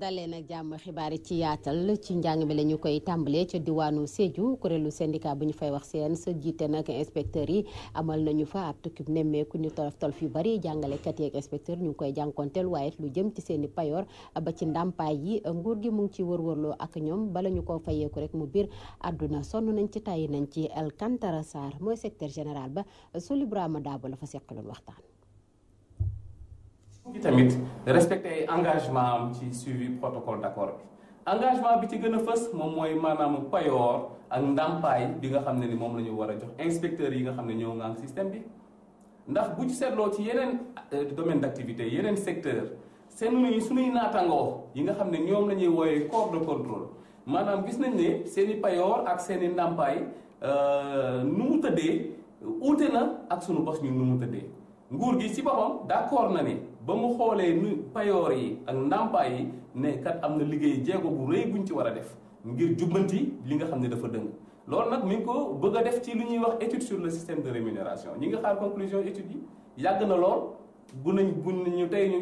daleen ak jàmm xibaar yi ci yaatal ci njàng mi la ñu koy tàmbalee ca diwaanu Sédhiou kuréelu syndicat bu ñu fay wax seen sa jiite nag inspecteurs yi amal nañu fa ab tukkib nemmeeku ñu tolof tolof yu bari jàngalekat yi ak inspecteur ñu ngi koy jànkonteel waaye lu jëm ci seen i payoor ba ci ndàmpaay yi nguur gi mu ngi ci wërwërloo ak ñoom bala ñu ko fayeeku rek mu biir àdduna sonn nañ ci tàyyi nañ ci Alcantara Sarr mooy secteur général ba Souli Brahima Dabo la fa seqaloon waxtaan bi tamit respecté ay engagement ci suivi protocole d'accord bi engagement bi ci gën a fës moom mooy maanaam payoor ak ndàmpaay bi nga xam ne ni moom la ñu war a jox inspecteurs yi nga xam ne ñoo ngang système bi ndax bu ci seetloo ci yeneen euh, domaine d'activité yeneen secteur seen suñuy naatangoo yi nga xam ne ñoom la ñuy wooyee corps de contrôle maanaam gis nañ ne seen i payoor ak seen i ndàmpaay euh, nu mu tëddee uute na ak sunu bos ñu nu mu tëddee nguur gi ci boppam d'accord na ne ba mu xoolee nu payoor yi ak ndàmpaay yi ne kat am na liggéey jéego bu rëy buñ ci war a def ngir jubbanti li nga xam ne dafa dëng loolu nag mi ko bëgg a def ci lu ñuy wax étude sur le système de rémunération ñi nga xaar conclusion étude yàgg na lool bu nañ bu ñu tey ñu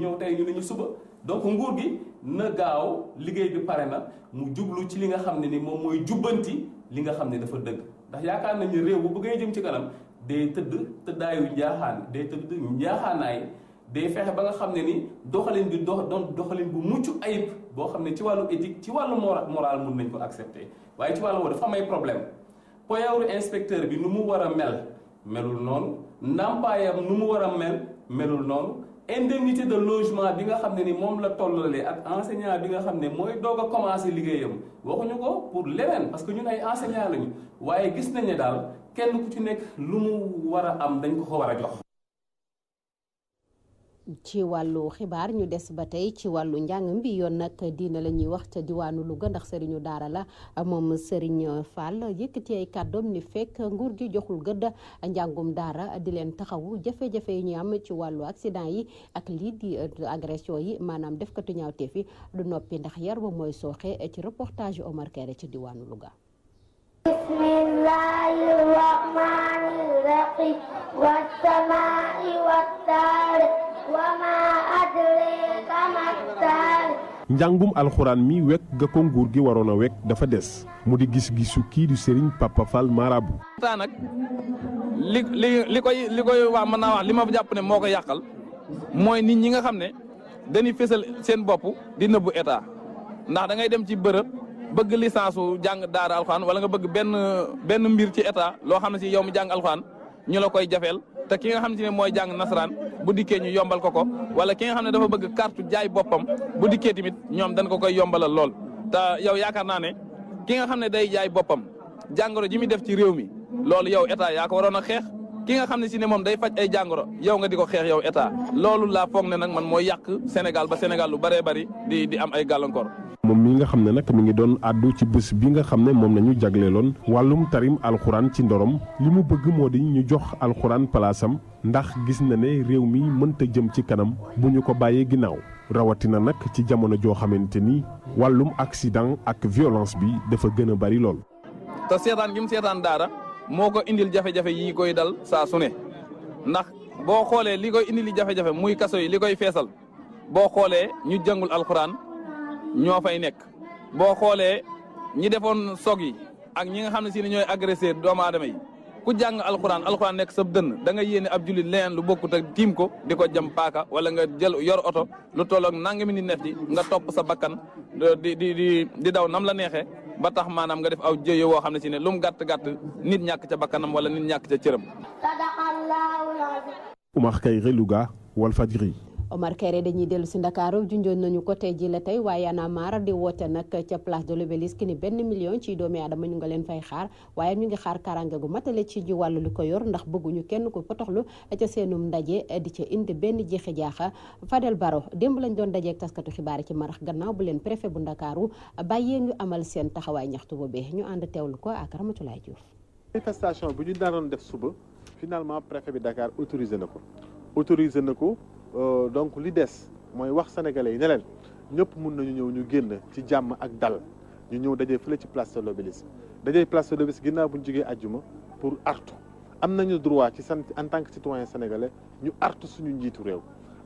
ñëw tey ñu ne suba donc nguur gi na gaaw liggéey bi pare na mu jublu ci li nga xam ne ni moom mooy jubbanti li nga xam ne dafa dëgg ndax yaakaar nañu réew bu bëggee jëm ci kanam day tëdd tëddaayu njaaxaan day tëdd njaaxaanaay day fexe ba nga xam ne ni doxalin bi dox doon doxalin bu mucc ayib boo xam ne ci wàllu éthique ci wàllu moral mun nañ ko accepter waaye ci wàllu woo dafa am ay problème poyawru inspecteur bi nu mu war a mel melul noonu ndàmpaayam nu mu war a mel melul noonu indemnité de logement bi nga xam ne ni moom la tollalee ak enseignant bi nga xam ne mooy doog a commencé liggéeyam waxuñu ko pour leneen parce que ñun ay enseignant lañu waaye gis nañ ne daal kenn ku ci nekk lu mu war a am dañ ko ko war a jox ci wàllu xibaar ñu des ba tey ci wàllu njàng bi yoon nag diina lañuy wax ca diwaanu Louga ndax sëriñu daara la moom sëriñ Fall yëkkati ay kàddoom ni fekk nguur gi joxul gëdd njàngum daara di leen taxawu jafe-jafe yi ñu am ci wàllu accident yi ak lii di euh, agression yi maanaam defkatu ñaawteef yi du noppi ndax yar mooy sooxe ci reportage yu Omar Kéré ci diwaanu Louga. njàngum alxuraan mi wekk ga ko nguur gi waroon a wekk dafa des mu di gis-gisu kii di Serigne Papa Fall Marabu. taa nag li li koy li koy wax mën naa wax li ma jàpp ne moo ko yàqal mooy nit ñi nga xam ne dañuy fésal seen bopp di nëbbu état ndax dangay dem ci bërëb bëgg licence su jàng daara alxuraan wala nga bëgg benn benn mbir ci état loo xam ne si yow mu jàng alxuraan ñu la koy jafeel. te ki nga xam ne mooy jàng nasaraan bu dikkee ñu yombal koko ko wala ki nga xam ne dafa bëgg kartu jaay boppam bu dikkee tamit ñoom dañ ko koy yombalal lool. te yow yaakaar naa ne ki nga xam ne day jaay boppam jàngoro ji muy def ci réew mi loolu yow état yaa ko waroon a xeex. ki nga xam ne si ne moom day faj ay jàngoro yow nga di ko xeex yow état loolu laa foog ne nag man mooy yàq Sénégal ba Sénégal lu bare bëri di di am ay gàllankoor. moom mi nga xam ne nag mi ngi doon àddu ci bés bi nga xam ne moom nañu jagleeloon wàllum tarim alxuraan ci ndorom li mu bëgg moo di ñu jox alxuraan palaasam ndax gis na ne réew mi mënta jëm ci kanam bu ñu ko bàyyee ginnaaw rawatina nag ci jamono joo xamante ni wàllum accident ak violence bi dafa gën a bari lool. moo ko indil jafe-jafe yi koy dal saa su ne ndax boo xoolee li koy indil jafe-jafe muy kaso yi li koy feesal boo xoolee ñu jàngul alxuraan ñoo fay nekk boo xoolee ñi defoon sog yi ak ñi nga xam ne si ne ñooy agresseur doomu aadama yi ku jàng alxuraan alxuraan nekk sa dënn da nga yéene ab jullit leneen lu bokkut ak tiim ko di ko jëm paaka wala nga jël yor oto lu tolloog nangami nit nef ci nga topp sa bakkan di di di di daw nam la neexee ba tax maanaam nga def aw jëye woo xam ne si ne lu mu gàtt-gàtt nit ñàkk ca bakkanam wala nit ñàkk ca cëram Oumar wal fa Walfadjri Omar Kéré dañuy dellu si Ndakaaru junjoon nañu ko tey ji la tey waaye Y'en a marre di woote nag ca place de l'Obélisque ni benn million ci doomi aadama ñu nga leen fay xaar waaye ñu ngi xaar karange gu matale ci ji wàllu li ko yor ndax bëgguñu kenn ko potoxlu ca seenum ndaje di ca indi benn jeexe jaaxa Fadel Baro démb lañ doon dajeek taskatu xibaar ci marax gannaaw bu leen préfet bu Ndakaaru bàyyee ñu amal seen taxawaay ñaxtu boobee ñu ànd teewlu ko ak Ramatulaay Diouf manifestation bi ñu daroon def suba finalement préfet bi Dakar ko Euh, donc li des mooy wax sénégalais yi ne leen ñëpp mun nañu ñëw ñu génn ci jàmm ak dal ñu ñëw dajee fële ci place de l'Obélisque dajee place de l'Obélisque ginnaaw bu ñu jógee àjjuma pour artu am nañu droit ci sant en tant que citoyen sénégalais ñu artu suñu njiitu réew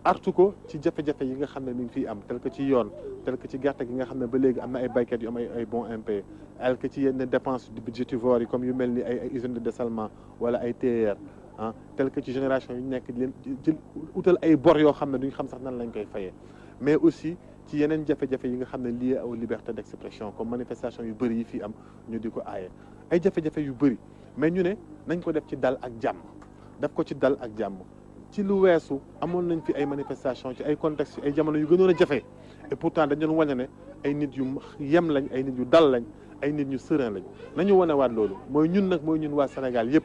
artu ko ci jafe-jafe yi nga xam ne mi ngi fiy am tel que ci yoon tel que ci gerte gi nga xam ne ba léegi am na ay baykat yu am ay bon bons impayés tel que ci yenn dépense budgétivores yi comme yu mel ni ay ay usines de dessalement wala ay TER ah tel ko ci génération yi ñu nekk leen jël utal ay bor yoo xam ne duñ xam sax nan lañ koy fayee mais aussi ci yeneen jafe-jafe yi nga xam ne lié aux libertés d'expression comme manifestation yu bëri yi fii am ñu di ko aaye ay jafe-jafe yu bëri mais ñu ne nañ ko def ci dal ak jàmm def ko ci dal ak jàmm ci lu weesu amoon nañ fi ay manifestation ci ay contexte ay jamono yu gënoon a jafe et pourtant dañ doon wane ne ay nit yu yem lañ ay nit yu dal lañ ay nit ñu serein lañu nañu waat loolu mooy ñun nag mooy ñun waa Sénégal yëpp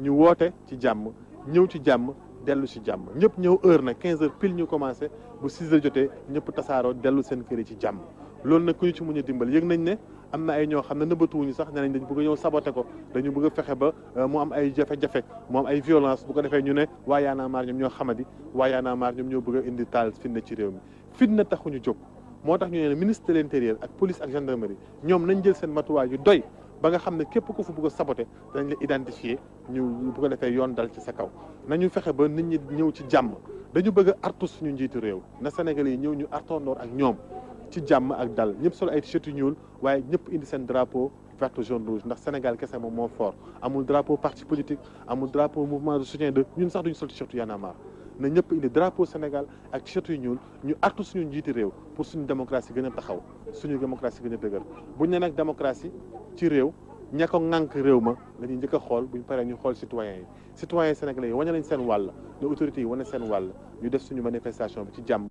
ñu woote ci jàmm ñëw ci jàmm dellu ci jàmm ñëpp ñëw heure na 15 heures pile ñu commencé bu 6 heures jotee ñëpp tasaaroo dellu seen kër ci jàmm loolu nag ku ñu ci mun a dimbal yëg nañ ne am na ay ñoo xam ne nëbbatuwuñu sax ne nañ dañ bëgg a ñëw saboté ko dañu bëgg a fexe ba euh, mu am ay jafe-jafe mu am ay violence bu ko defee ñu ne waa yaanaamaar ñoom ñoo xamadi waa yaanaamaar ñoom ñoo bëgg a indi taal fitna ci réew mi fitna taxuñu jóg moo tax ñu ne ministre de l'intérieur ak police ak gendarmerie ñoom nañ jël seen matuwaay yu doy ba nga xam ne képp ku fu bëgg a saboté danañ la identifier ñu bu ko defee yoon dal ci sa kaw nañu fexe ba nit ñi ñëw ci jàmm dañu bëgg a artu suñu njiitu réew na sénégal yi ñëw ñu artondoor ak ñoom ci jàmm ak dal ñëpp solo ay t-shirt ñuul waaye ñëpp indi seen drapeau vert jaune rouge ndax Sénégal kese moom moo fort amul drapeau parti politique amul drapeau mouvement de soutien de ñun sax duñu sol t-shirt Y'en na ñëpp indi drapeau Sénégal ak t-shirt yu ñuul ñu artu suñu njiiti réew pour suñu démocratie gën a taxaw suñu démocratie gën a dëgër bu ne nag démocratie ci réew ña ko ŋànk réew ma la ñuy njëkk a xool buñ paree ñu xool citoyens yi citoyens sénégalais yi wane nañ seen wàll ne autorité yi wane seen wàll ñu def suñu manifestation bi ci jàmm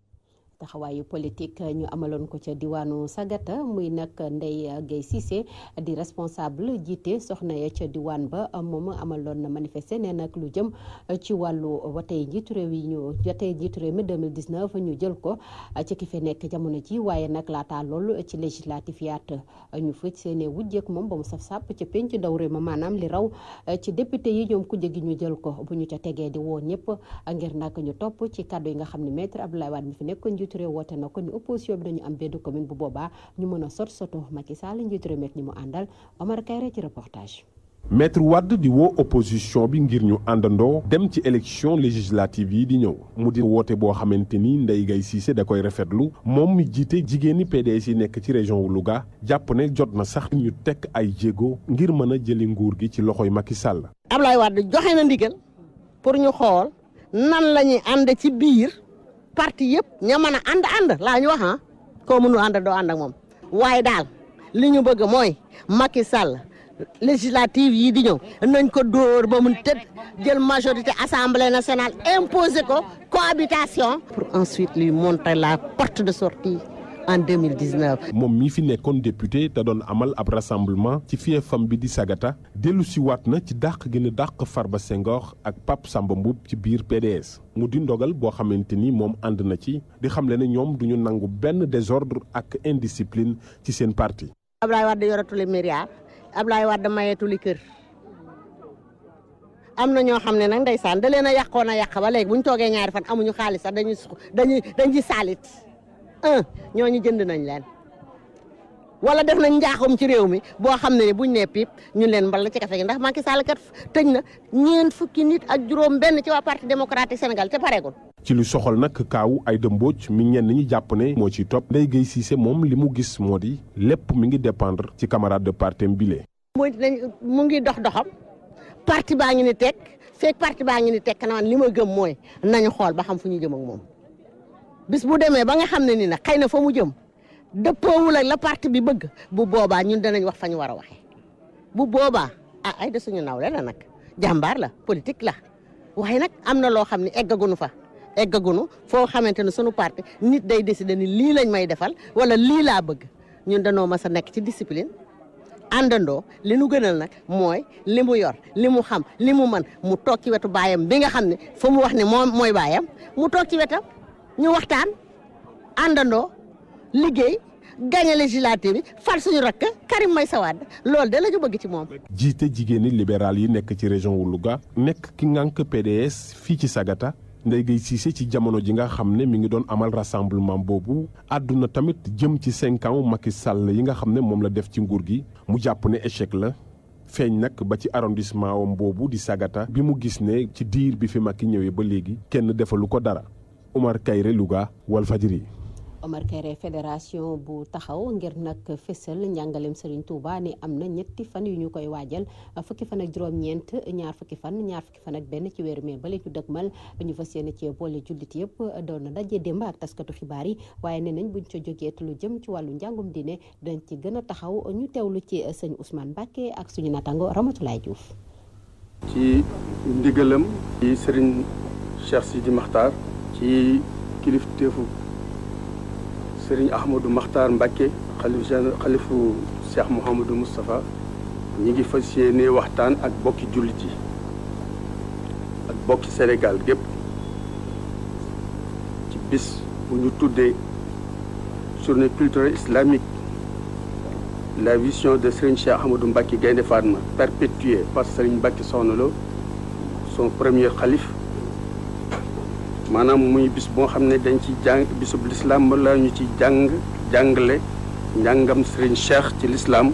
taxawaayu politique ñu amaloon ko ca diwaanu Sagata muy nag ndey Guèye Cissé di responsable jiite soxna ya ca diwaan ba moom amaloon na manifester nee nag lu jëm ci wàllu watey njiitu réew yi ñu watey njiitu réew mi 2019 ñu jël ko ci ki fi nekk jamono ji waaye nag laata loolu ci législatif yaat ñu fëj seene wujjeek moom ba mu saf sàpp ca penc ndaw réew ma maanaam li raw ci député yi ñoom ku jegi ñu jël ko bu ñu ca tegee di woo ñëpp ngir nag ñu topp ci kàddu yi nga xam ne maître Abdoulaye Wade mi fi nekkoon njiitu réew woote na ko ni opposition bi dañu am benn commune ñu mën a sot soto Macky Sall njiitu réew meek ñi mu àndal Omar Kayre ci reportage. maître Wade di woo opposition bi ngir ñu àndandoo dem ci élection législative yi di ñëw mu di woote boo xamante ni Ndeye Gaye Cissé da koy rafetlu moom mi jiite jigéeni PDS yi nekk ci région wu Louga jàpp ne jot na sax ñu tekk ay jéego ngir mën a jëli nguur gi ci loxoy Macky Sall. Ablaye Wade joxe na ndigal pour ñu xool nan la ñuy ànd ci biir. parti yëpp ña mën a ànd ànd laa ñu wax ah koo mënul ànd doo ànd moom waaye daal li ñu bëgg mooy Macky Sall législative yii di ñëw nañ ko dóor ba mu tëdd jël majorité assemblée nationale imposer ko cohabitation pour ensuite lui montrer la porte de sortie en 2019. moom mii fi nekkoon député te doon amal ab rassemblement ci fiefam bi di Sagata dellu si waat na ci dàq gën a dàq Farba Senghor ak Pape Samba Mboup ci biir PDS mu di ndogal boo xamante ni moom ànd na ci di xamle na ñoom duñu nangu benn désordre ak indiscipline ci seen parti. Ablaye Wade yoratule mairie Ablaye Wade mayetuli kër am na ñoo xam ne nag ndeysaan da a yàqoon a yàq ba léegi bu ñu toogee ñaari fan amuñu xaalis dañuy dañuy dañuy saalit. ñoo ñooñu jënd nañ leen walla def nañ njaaxum ci réew mi boo xam ne ne buñ nee pip ñu leen mbal la ci kafe gi ndax Macky Sall tëj na ñeent fukki nit ak juróom benn ci waa parti démocratique Sénégal te pareegul. ci lu soxal nag kaaw Aïda Mbodj mi ñeen ñi jàpp ne moo ciy topp Ndeye Guèye Cissé moom li mu gis moo di lépp mu ngi dépendre ci camarade de parti mbile. mu ngi dox doxam parti baa ngi ni teg fekk parti baa ngi ni teg kanam li ma gëm mooy nañu xool ba xam fu jëm ak moom. bis bu demee ba nga xam ne nii nag xëy na fa mu jëm dëppoowul ak la parti bi bëgg bu boobaa ñun danañ wax fa ñu war a waxee bu boobaa ah ay de suñu nawle la nag jàmbaar la politique la waaye nag am na loo xam ne eggagunu fa eggagunu foo xamante ne sunu parti nit day décider ni lii lañ may defal wala lii laa bëgg ñun danoo mas a nekk ci discipline àndandoo li nu gënal nag mooy li mu yor li mu xam li mu mën mu toog ci wetu baayam bi nga xam ne foo mu wax ne moom mooy baayam mu toog ci wetam ñu waxtaan àndandoo liggéey gagné législative bi fal suñu rakk Karim Meïssa Wade loolu de la bëgg ci moom. jiite jigéeni libéral yi nekk ci région wu Louga nekk ki ngànk PDS fii ci Sagata Ndeye Gueye Cissé ci jamono ji nga xam ne mi ngi doon amal rassemblement boobu àdduna tamit jëm ci cinq ans Macky Sall yi nga xam ne moom la def ci nguur gi mu jàpp ne échec la. feeñ nag ba ci arrondissement wam boobu di Sagata bi mu gis ne ci diir bi fi Macky ñëwee ba léegi kenn defalu ko dara Omar Kayre Louga Walfadjri Omar Kayre fédération bu taxaw ngir nag fësal njàngalem Serigne Touba ne am na ñetti fan yu ñu koy waajal fukki fan ak juróom-ñeent ñaar fukki fan ñaar fukki fan ak benn ci weeru mai bale ñu dëgmal ñu fas yéene cee boole jullit yëpp doon na daje démb ak taskatu xibaar yi waaye nee nañ buñ ca jógee lu jëm ci wàllu njàngum ne dañ ci gën a taxaw ñu teew lu ci sëñ Ousmane Mbacké ak suñu natango Ramatoulaye Diouf. ci ndigalam. ci Serigne Cheikh Sidi Makhtar. ci kilifteefu sëriñ Ahmadou Makhtar Mbacke xalif xalifu Cheikh Mouhamadou Moustapha ñi ngi fa yéene waxtaan ak bokki jullit yi ak bokki Sénégal gépp ci bis bu ñu tuddee journée culturelle islamique la vision de Serigne Cheikh Ahmadou Mbacke Gaïndé Fatma perpétuée par Serigne Mbacke Soxna Lo son premier calife maanaam muy bis boo xam ne dañ ci jàng bisub lislaam la ñu ci jàng jàngale njàngam sëriñ Cheikh ci lislaam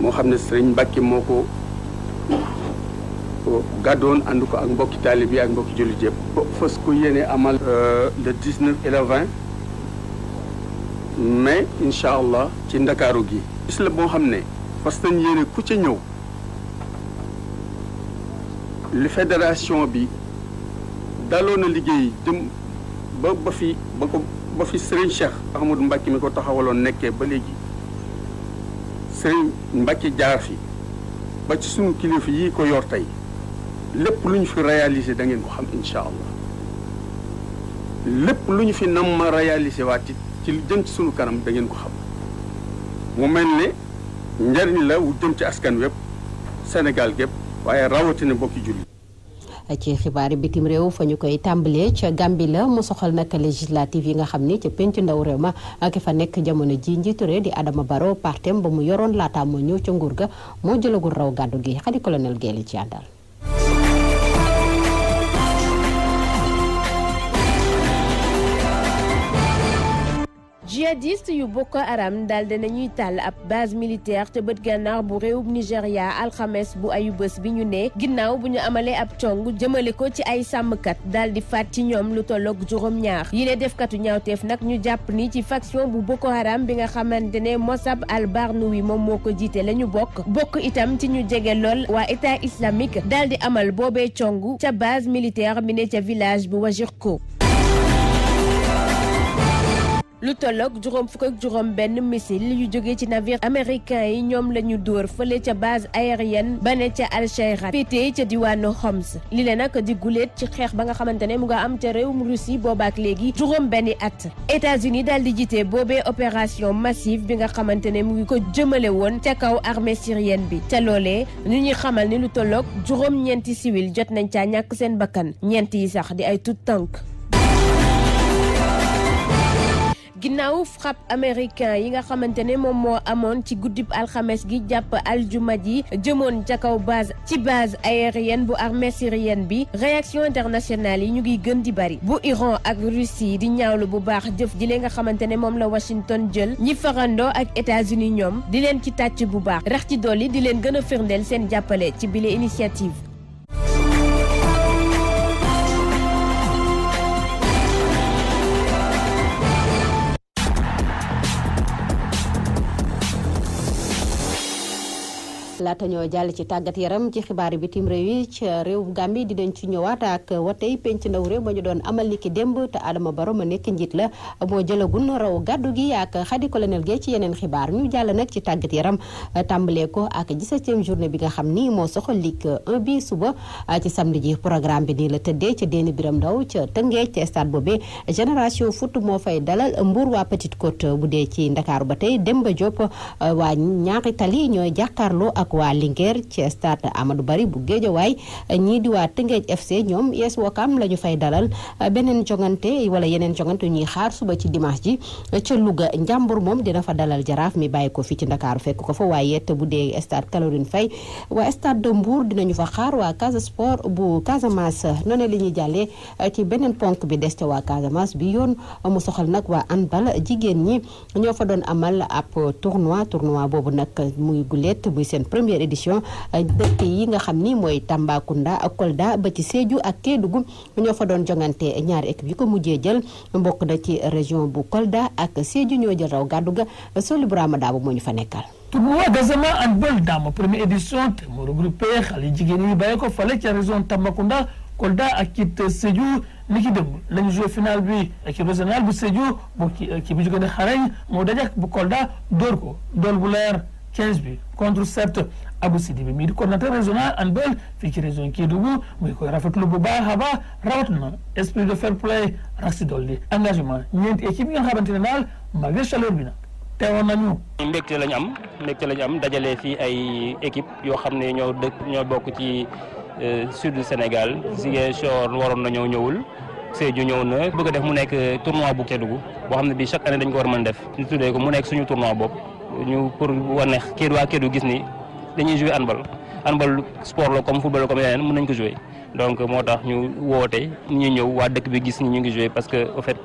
moo xam ne sëriñ Mbàkke moo ko gàddoon ànd ko ak mbokki taalib yi ak mbokki jépp yëpp fas ko yéene amal euh, le 19 et le 20 allah ci ndakaaru gi bis la boo xam ne fas nañ yéene ku ca ñëw li fédération bi daloon na liggéey jëm ba ba fi ba ko ba fi Serigne Cheikh Ahmadou Mbacke mi ko taxawaloon nekkee ba léegi Serigne Mbacke jaar fi ba ci sunu kilifa yi ko yor tey lépp lu ñu fi réalisé da ngeen ko xam incha allah lépp lu ñu fi nam ma réalisé waat ci ci lu jëm ci sunu kanam da ngeen ko xam mu mel ni njariñ la wu jëm ci askan wépp Sénégal gépp waaye rawatina bokki julli ci xibaar xibaari bitim réew fa ñu koy tàmbalee ca Gambie la mu soxal nag législative yi nga xam ni ca penc ndaw réew ma ki fa nekk jamono ji njiitu réew di Adama Barrow partem ba mu yoroon laataa moo ñëw ca nguur ga moo jëlagul raw gàddu gi xadi colonel Guèye ci àndal jihadiste yu Boko Haram daal di nañuy tàll ab base militaire ca bët gànnaar bu réewub Nigéria alxames bu ayu bés bi ñu ne ginnaaw bu ñu amalee ab cong jëmale ko ci ay sàmmkat daal di faat ci ñoom lu tolloog juróom-ñaar yi ne defkatu ñawteef nag ñu jàpp ni ci faction bu Boko Haram bi nga xamante ne Mossab al-Barnawi moom moo ko jiite la ñu bokk bokk itam ci ñu jege lool waa état islamique daal di amal boobee cong ca base militaire bi ne ca village bu Wajirko lu tolloog juróom fukk ak juróom benn missile yu jóge ci navire américain yi ñoom la ñu dóor fële ca base aérienne ba ne ca Al-Shayrat féetee ca diwaanu Homs li le nag di guléet ci xeex ba nga xamante ne mu nga am ca réewum Russie boobaak léegi juróom benni at États-Unis daal di jiite boobe opération massive bi nga xamante ne mu ngi ko jëmale woon ca kaw armée syrienne bi ca loolee ñu ñuy xamal ni lu tolloog juróom ñeenti civil jot nañ caa ñàkk seen bakkan ñeent yi sax di ay tut tànk ginnaaw frappe américain yi nga xamante ne moom moo amoon ci guddi alxames gi jàpp aljuma ji jëmoon ca kaw base ci base aérienne bu armée syrienne bi réaction internationale yi ñu ngi gën di bari bu Iran ak Russie di ñaawlu bu baax jëf ji li nga xamante ne moom la Washington jël ñi farandoo ak États-Unis ñoom di leen ci tàcc bu baax rax ci dolli di leen gën a firndeel seen jàppale ci bile initiative laata ñoo jàll ci tàggat yaram ci xibaar bitim réew yi ci réew Gàmbi dinañ ci ñëwaat ak watey penc ndaw réew ma ñu doon amal niki démb te Adama Barrow ma nekk njiit la moo jëlagun raw gàddu gi ak xadi colonel Guèye ci yeneen xibaar ñu jàll nag ci tàggat yaram tàmbalee ko ak 17e journée bi nga xam ni moo soxal Ligue 1 bi suba ci samedi ji programme bi nii la tëddee ca Déni Biram Ndaw ca Tëngéej ca stade boobee génération foot moo fay dalal Mbour waa Petite Côte bu dee ci Ndakaaru ba tey Demba Diop waa ñaari tali waa Linguère ci stade Amadou Barry bu Guédiawaye ñii di waa Tëngéej FC ñoom US Ouakam la ñu fay dalal beneen jongante wala yeneen jongante ñuy xaar suba ci dimanche ji ca Louga Njàmbur moom dina fa dalal jaraaf mi bàyyi ko fii ci Ndakaaru fekk ko fa waaye te bu dee stade Caroline Faye waa stade de Mbour dinañu fa xaar waa Casa Sport bu Casamance noonu la jàllee ci beneen ponk bi des ca waa Casamance bi yoon mu soxal nag waa handball jigéen ñi ñoo fa doon amal ab tournoi tournoi boobu nag première édition dëkk yi nga xam ni mooy Tambacounda ak Kolda ba ci Sédhiou ak Kédougou ñoo fa doon jongante ñaari équipe ko mujjee jël mbokk na ci région bu Kolda ak Sédhiou ñoo jël raw gàddu ga Soli Burama Daabu moo ñu fa nekkal. Touba Gassama handball dama première édition te mu regroupé xale jigéen yi bàyyi ko fale ca région Tambacounda Kolda ak it Sédhiou ni ki démb lañu joué final bi équipe régionale bu Sédhiou bu ki bu jóge ne xarañ moo daje bu Kolda dóor ko dóor bu leer. 15 buts contre 7 Abou Sidibé mii di coordonnateur régional handball fii ci région Kédougou muy koy rafet lu bu baax a baax na esprit de fair play rax si engagement ñeenti équipe yi nga xamante ne daal malgré chaleur bi nag teewoon nañu. mbégte la ñu am mbégte la ñu am dajale fii ay équipe yoo xam ne ñoo dëkk ñoo bokk ci euh, sud du Sénégal Ziguinchor waroon na ñëw ñëwul. Sédhiou ñëw na bëgg a def mu nekk tournoi bu Kédougou boo ne bii chaque année dañ ko war mën def ñu tuddee ko mu nekk suñu tournoi bopp. ñu pour wane kii waa Kédougou gis ni dañuy jouer handball handball sport la comme football la comme yeneen mën nañ ko jouer donc moo tax ñu woote ñu ñëw waa dëkk bi gis ni ñu ngi jouer parce que au fait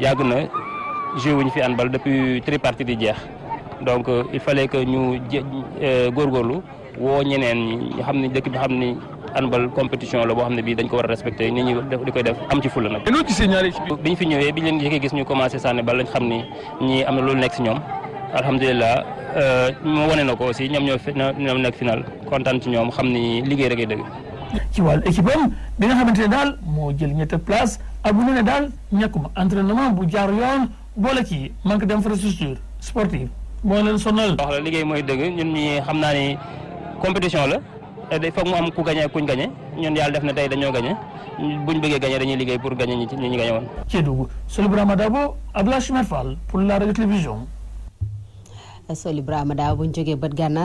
yàgg na jouer wuñu fi handball depuis tripartite di jeex donc euh, il fallait que ñu euh, góorgóorlu woo ñeneen ñi xam ne dëkk bi xam ni handball compétition la boo xam ne bii dañ ko war a respecté ñi di koy def am ci fulla nag. bi ñu fi ñëwee bi ñu leen jëkkee gis ñu commencé sànni bal lañ xam ni ñii am na loolu nekk si ñoom. alhamdulilah euh, mu wane na ko aussi ñoom ñoo ñoom nekk final kontaan ci ñoom xam ni liggéey rek ay dëgg. ci wàllu équipe am bi nga xamante ne daal moo jël ñetti place ak bu ne daal ñàkkuma entraînement bu jaar yoon boole ci manque d'infrastructure sportive moo leen sonal. wax la liggéey mooy dëgg ñun ñi xam naa ni compétition la. il faut mu am ku gagné kuñ gagné ñun yàlla def na tey dañoo gagné buñ bëggee gagné dañuy liggéey pour gagné ñi ñu gagné woon. Kédougou Souley Birama Dabo Sol Ibrahima Awa bu ñu jógee bët gànnaar